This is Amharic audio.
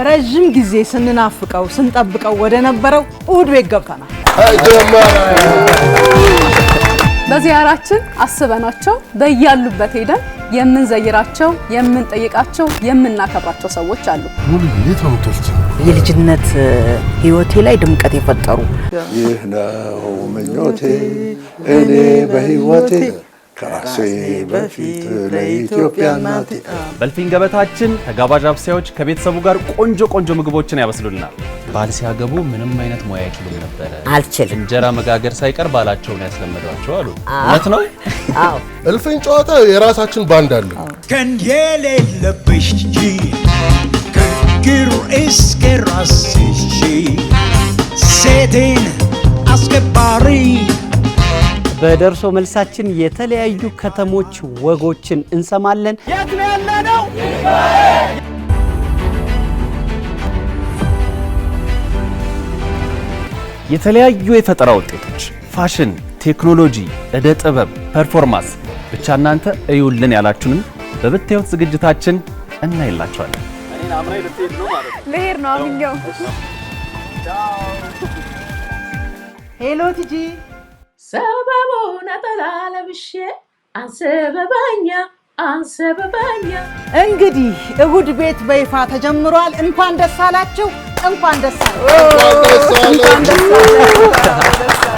ለረዥም ጊዜ ስንናፍቀው ስንጠብቀው ወደ ነበረው እሑድ ቤት ገብተናል። በዚያራችን አስበናቸው በያሉበት ሄደን የምንዘይራቸው፣ የምንጠይቃቸው፣ የምናከብራቸው ሰዎች አሉ። የልጅነት ህይወቴ ላይ ድምቀት የፈጠሩ ይህ ነው ምኞቴ እኔ በህይወቴ ከራሴ ገበታችን ተጋባዥ አብሳዮች ከቤተሰቡ ጋር ቆንጆ ቆንጆ ምግቦችን ያበስሉናል። ባል ሲያገቡ ምንም አይነት ሙያ አይችሉም ነበረ። አልችልም እንጀራ መጋገር ሳይቀር ባላቸውን ያስለመዷቸው አሉ። እውነት ነው። እልፍኝ ጨዋታ የራሳችን ባንድ አለ። ከንድ ከግሩ እስከ ራስሽ ሴቴን አስገባሪ በደርሶ መልሳችን የተለያዩ ከተሞች ወጎችን እንሰማለን። የት ነው የተለያዩ የፈጠራ ውጤቶች፣ ፋሽን፣ ቴክኖሎጂ፣ እደ ጥበብ፣ ፐርፎርማንስ ብቻ እናንተ እዩልን ያላችሁንም በብታዩት ዝግጅታችን እናይላቸዋለን። ልሄድ ነው አምኛው። ሄሎ ቲጂ ነጠላ ለብሼ አንስበበኛ አንስበበኛ። እንግዲህ እሑድ ቤት በይፋ ተጀምሯል። እንኳን ደስ አላችሁ፣ እንኳን ደስ አለ